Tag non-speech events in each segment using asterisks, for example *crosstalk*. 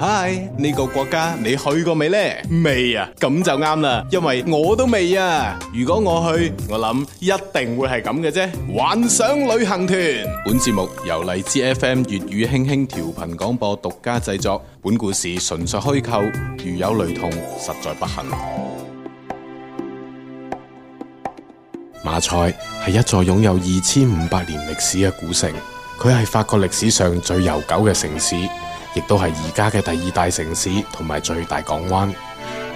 嗨，呢個國家你去過未呢？未啊，咁就啱啦，因為我都未啊。如果我去，我諗一定會係咁嘅啫。幻想旅行團，本節目由荔枝 FM 粵語輕輕調頻廣播獨家製作。本故事純屬虛構，如有雷同，實在不幸。馬賽係一座擁有二千五百年歷史嘅古城，佢係法國歷史上最悠久嘅城市。亦都係而家嘅第二大城市同埋最大港灣，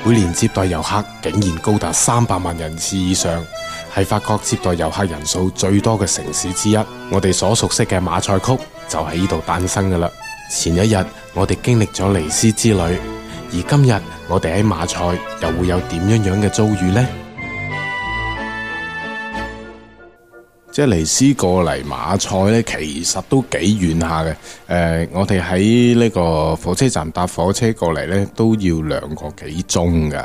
每年接待遊客竟然高達三百萬人次以上，係法國接待遊客人數最多嘅城市之一。我哋所熟悉嘅馬賽曲就喺呢度誕生噶啦。前一日我哋經歷咗尼斯之旅，而今日我哋喺馬賽又會有點樣樣嘅遭遇呢？即係尼斯過嚟馬賽呢，其實都幾遠下嘅。誒、呃，我哋喺呢個火車站搭火車過嚟呢，都要兩個幾鐘噶。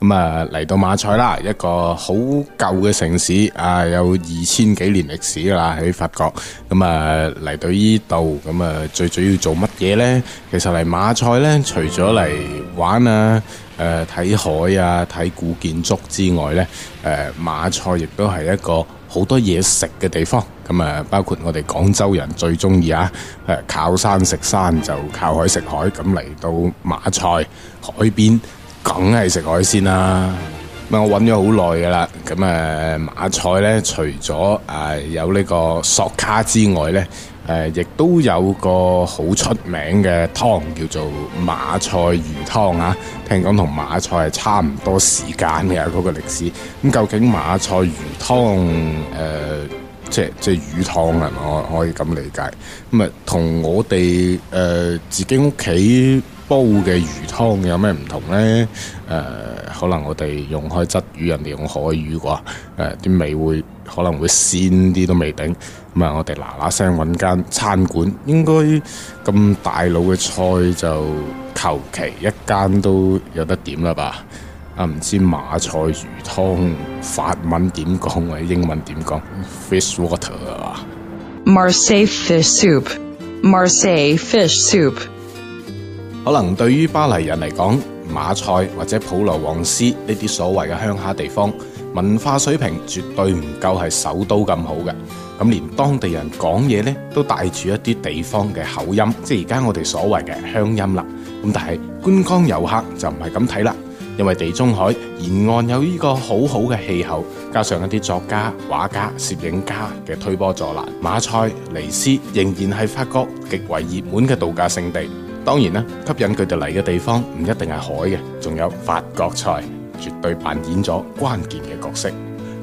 咁、嗯、啊嚟到馬賽啦，一個好舊嘅城市啊，有二千幾年歷史啦喺法國。咁、嗯、啊嚟到呢度，咁、嗯、啊最主要做乜嘢呢？其實嚟馬賽呢，除咗嚟玩啊、誒、啊、睇海啊、睇古建築之外呢，誒、啊、馬賽亦都係一個。好多嘢食嘅地方，咁啊，包括我哋廣州人最中意啊，誒，靠山食山就靠海食海，咁嚟到馬賽海邊，梗係食海鮮啦。咁我揾咗好耐㗎啦，咁啊，馬賽呢，除咗、呃、有呢個索卡之外呢。亦、呃、都有個好出名嘅湯叫做馬賽魚湯啊！聽講同馬賽係差唔多時間嘅嗰、那個歷史。咁究竟馬賽魚湯、呃、即係即係魚湯係咪？可可以咁理解？咁啊，同我哋誒自己屋企煲嘅魚湯有咩唔同呢、呃？可能我哋用開鯽魚，人哋用海魚啩？誒、呃，啲味會。可能會鮮啲都未定，咁啊，我哋嗱嗱聲揾間餐館，應該咁大佬嘅菜就求其一間都有得點啦吧？啊，唔知馬賽魚湯法文點講或者英文點講，fish water，Marseille fish soup，Marseille fish soup。可能對於巴黎人嚟講，馬賽或者普羅旺斯呢啲所謂嘅鄉下地方。文化水平絕對唔夠係首都咁好嘅，咁連當地人講嘢呢，都帶住一啲地方嘅口音，即係而家我哋所謂嘅鄉音啦。咁但係觀光遊客就唔係咁睇啦，因為地中海沿岸有呢個好好嘅氣候，加上一啲作家、畫家、攝影家嘅推波助瀾，馬賽尼斯仍然係法國極為熱門嘅度假勝地。當然啦，吸引佢哋嚟嘅地方唔一定係海嘅，仲有法國菜。絕對扮演咗關鍵嘅角色。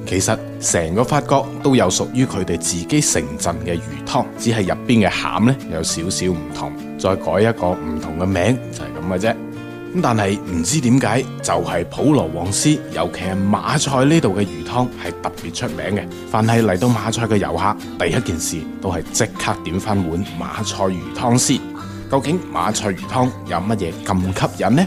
其實成個法國都有屬於佢哋自己城鎮嘅魚湯，只係入邊嘅餡呢有少少唔同，再改一個唔同嘅名就係咁嘅啫。但係唔知點解就係、是、普羅旺斯，尤其係馬賽呢度嘅魚湯係特別出名嘅。凡係嚟到馬賽嘅遊客，第一件事都係即刻點翻碗馬賽魚湯先。究竟馬賽魚湯有乜嘢咁吸引呢？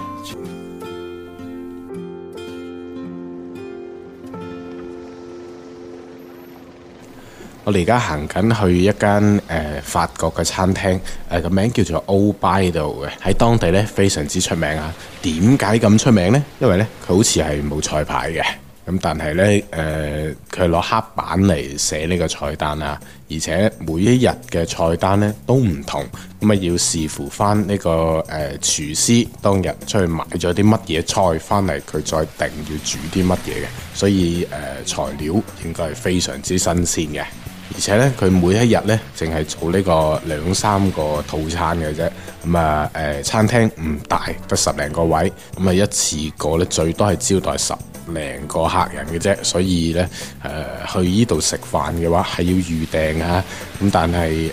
我哋而家行緊去一間誒、呃、法國嘅餐廳，誒、呃、個名叫做 o b y 度嘅，喺當地咧非常之出名啊！點解咁出名呢？因為咧佢好似係冇菜牌嘅，咁但係咧誒佢係攞黑板嚟寫呢個菜單啊，而且每一日嘅菜單咧都唔同，咁啊要視乎翻、這、呢個誒、呃、廚師當日出去買咗啲乜嘢菜翻嚟，佢再定要煮啲乜嘢嘅，所以誒、呃、材料應該係非常之新鮮嘅。而且呢，佢每一日呢，淨係做呢個兩三個套餐嘅啫。咁、呃、啊，餐廳唔大，得十零個位。咁啊，一次過呢，最多係招待十。零個客人嘅啫，所以呢、呃，去呢度食飯嘅話係要預訂啊。咁但係誒，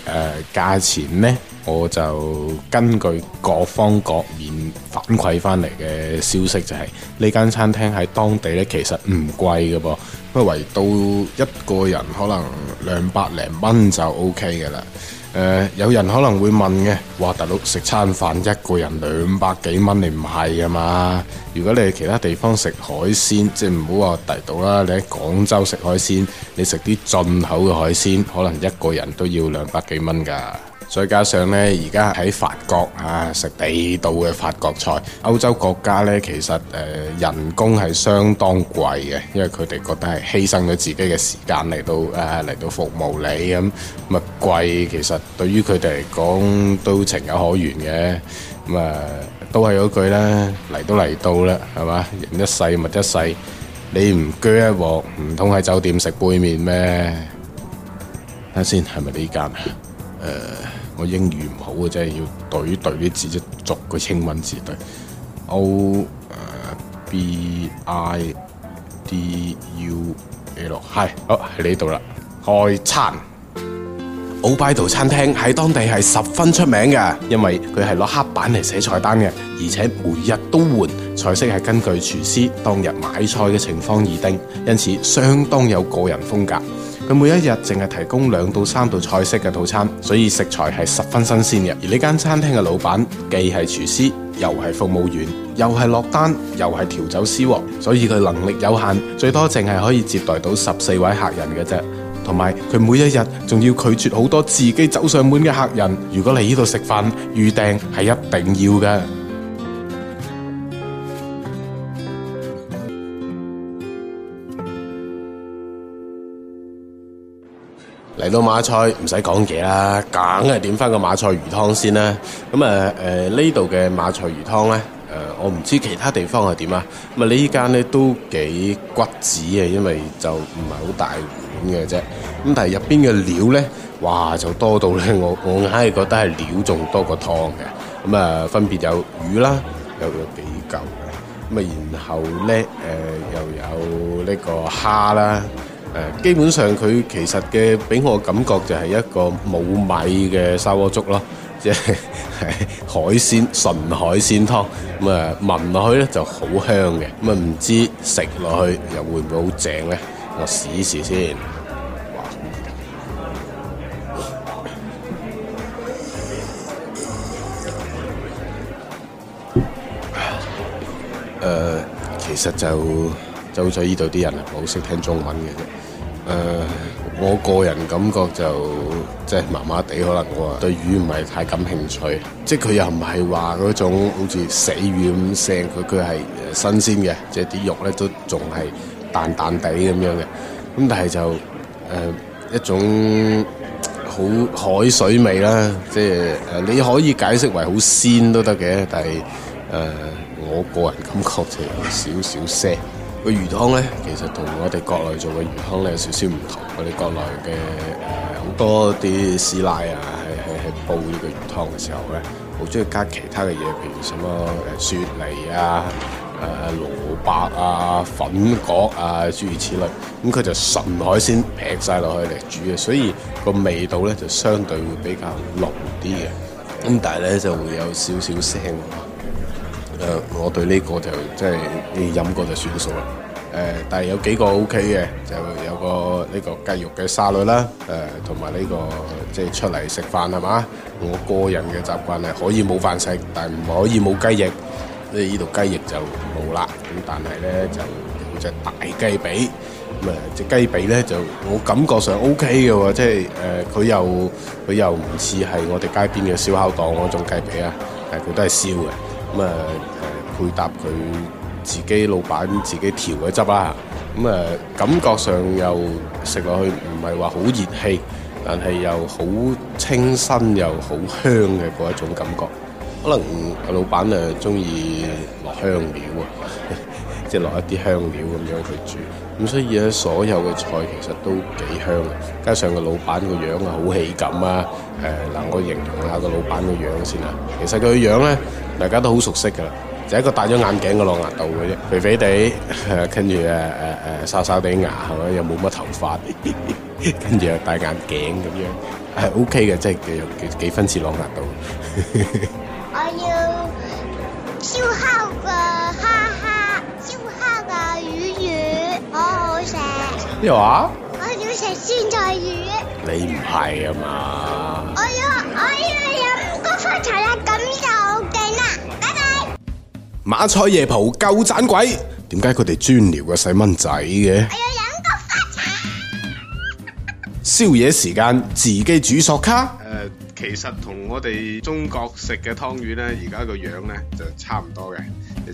價錢呢，我就根據各方各面反饋翻嚟嘅消息、就係，就係呢間餐廳喺當地呢其實唔貴嘅噃，因為圍到一個人可能兩百零蚊就 OK 㗎啦。誒、呃、有人可能會問嘅，話大陸食餐飯一個人兩百幾蚊，你唔係啊嘛？如果你喺其他地方食海鮮，即係唔好話大陸啦，你喺廣州食海鮮，你食啲進口嘅海鮮，可能一個人都要兩百幾蚊㗎。再加上呢，而家喺法國啊食地道嘅法國菜，歐洲國家呢，其實、呃、人工係相當貴嘅，因為佢哋覺得係犧牲咗自己嘅時間嚟到嚟、啊、到服務你咁，咪、嗯、貴、啊。其實對於佢哋嚟講都情有可原嘅。咁、嗯、啊，都係嗰句啦，嚟都嚟到啦，係嘛？人一世物一世，你唔鋸一鑊，唔通喺酒店食杯麵咩？睇下先，係咪呢間啊？呃我英語唔好啊，真係要懟懟啲字啫，逐個清文字對。O B I D U L 係，好喺呢度啦。開餐。o l d b y d 餐廳喺當地係十分出名嘅，因為佢係攞黑板嚟寫菜單嘅，而且每日都換菜式，係根據廚師當日買菜嘅情況而定，因此相當有個人風格。佢每一日淨係提供兩到三道菜式嘅套餐，所以食材係十分新鮮嘅。而呢間餐廳嘅老闆既係廚師，又係服務員，又係落單，又係調酒師，所以佢能力有限，最多淨係可以接待到十四位客人嘅啫。同埋佢每一日仲要拒絕好多自己走上門嘅客人。如果嚟呢度食飯，預訂係一定要嘅。嚟到馬賽唔使講嘢啦，梗係點翻個馬賽魚湯先啦。咁啊誒，呢度嘅馬賽魚湯咧，誒、呃、我唔知其他地方係點啊。咁啊呢間咧都幾骨子嘅，因為就唔係好大碗嘅啫。咁但係入邊嘅料咧，哇就多到咧我我硬係覺得係料仲多過湯嘅。咁啊分別有魚啦，又有幾嚿嘅。咁啊然後咧誒、呃、又有呢個蝦啦。誒，基本上佢其實嘅俾我的感覺就係一個冇米嘅砂鍋粥咯，即係海鮮純海鮮湯。咁，呃，啊，聞落去咧就好香嘅，咁啊唔知食落去又會唔會好正咧？我試一試先。誒，呃，其實就就好彩，依度啲人係冇識聽中文嘅。誒、呃，我個人感覺就即係麻麻地，可能我對魚唔係太感興趣。即係佢又唔係話嗰種好似死魚咁腥，佢佢係新鮮嘅，即係啲肉咧都仲係淡淡地咁樣嘅。咁但係就誒、呃、一種好海水味啦，即係你可以解釋為好鮮都得嘅，但係誒、呃、我個人感覺就有少少腥。個魚湯咧，其實同我哋國內做嘅魚湯咧有少少唔同。我哋國內嘅誒好多啲師奶啊，係係係煲呢個魚湯嘅時候咧，好中意加其他嘅嘢，譬如什麼誒、啊、雪梨啊、誒、啊、蘿蔔啊、粉葛啊諸如此類。咁、嗯、佢就純海鮮劈晒落去嚟煮嘅，所以個味道咧就相對會比較濃啲嘅。咁、嗯、但係咧就會有少少腥。誒，我對呢個就即係你飲過就算數啦。誒、呃，但係有幾個 O K 嘅，就有個呢、這個雞肉嘅沙律啦。誒、呃，同埋呢個即係出嚟食飯係嘛，我個人嘅習慣係可以冇飯食，但係唔可以冇雞翼。你呢度雞翼就冇啦。咁但係咧就有隻大雞髀。咁啊，隻雞髀咧就我感覺上 O K 嘅，即係誒，佢、呃、又佢又唔似係我哋街邊嘅燒烤檔嗰種雞髀啊。但係，佢都係燒嘅。咁啊，配搭佢自己老闆自己調嘅汁啦。咁啊，感覺上又食落去唔係話好熱氣，但係又好清新又好香嘅嗰一種感覺。可能老闆啊中意落香料啊。即落一啲香料咁樣去煮，咁所以咧所有嘅菜其實都幾香啊！加上個老闆個樣啊，好喜感啊！誒、呃、嗱，我形容一下個老闆個樣先啦。其實佢個樣咧，大家都好熟悉噶啦，就係、一個戴咗眼鏡嘅朗拿度嘅啫，肥肥哋，跟住誒誒誒，哨哨哋牙，係咪？又冇乜頭髮，跟 *laughs* 住又戴眼鏡咁樣，係、啊、OK 嘅，即係幾幾分似朗拿度。 *laughs* 咩話？你我要食酸菜魚。你唔係啊嘛？我要 bye bye 的我要飲菊花茶啦，咁就勁啊！拜拜。馬賽夜蒲夠盞鬼，點解佢哋專撩個細蚊仔嘅？我要飲菊花茶！ *laughs* 宵夜時間自己煮索卡。其實同我哋中國食嘅湯圓咧，而家個樣咧就差唔多嘅，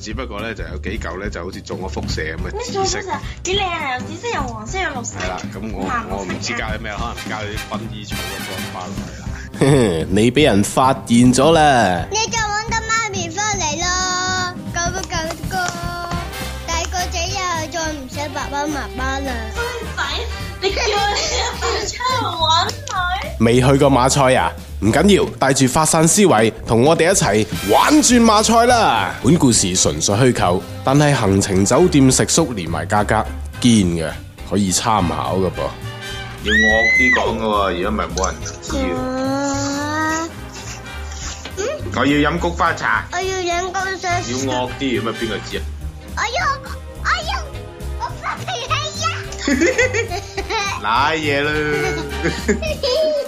只不過咧就有幾嚿咧就好似中咗輻射咁啊！紫色幾靚啊，紫色又黃色又綠色。係啦，咁我我唔知加咗咩，可能加咗啲薰衣草嗰種花落去啦。那個、 *laughs* 你俾人發現咗啦！你再搵得媽咪翻嚟咯，夠唔夠高？大個仔又再唔想爸爸媽媽啦。你你出去搵女？未去過馬賽啊？唔緊要，帶住發散思維，同我哋一齊玩轉馬賽啦！本故事純屬虛構，但係行程、酒店、食宿連埋價格堅嘅，可以參考嘅噃。要惡啲講嘅，而家咪冇人知道。我、嗯、要飲菊花茶。我要飲姜茶。要惡啲，咁啊邊個知啊？我要，我要，我發脾氣啊！拉嘢咯！ *laughs*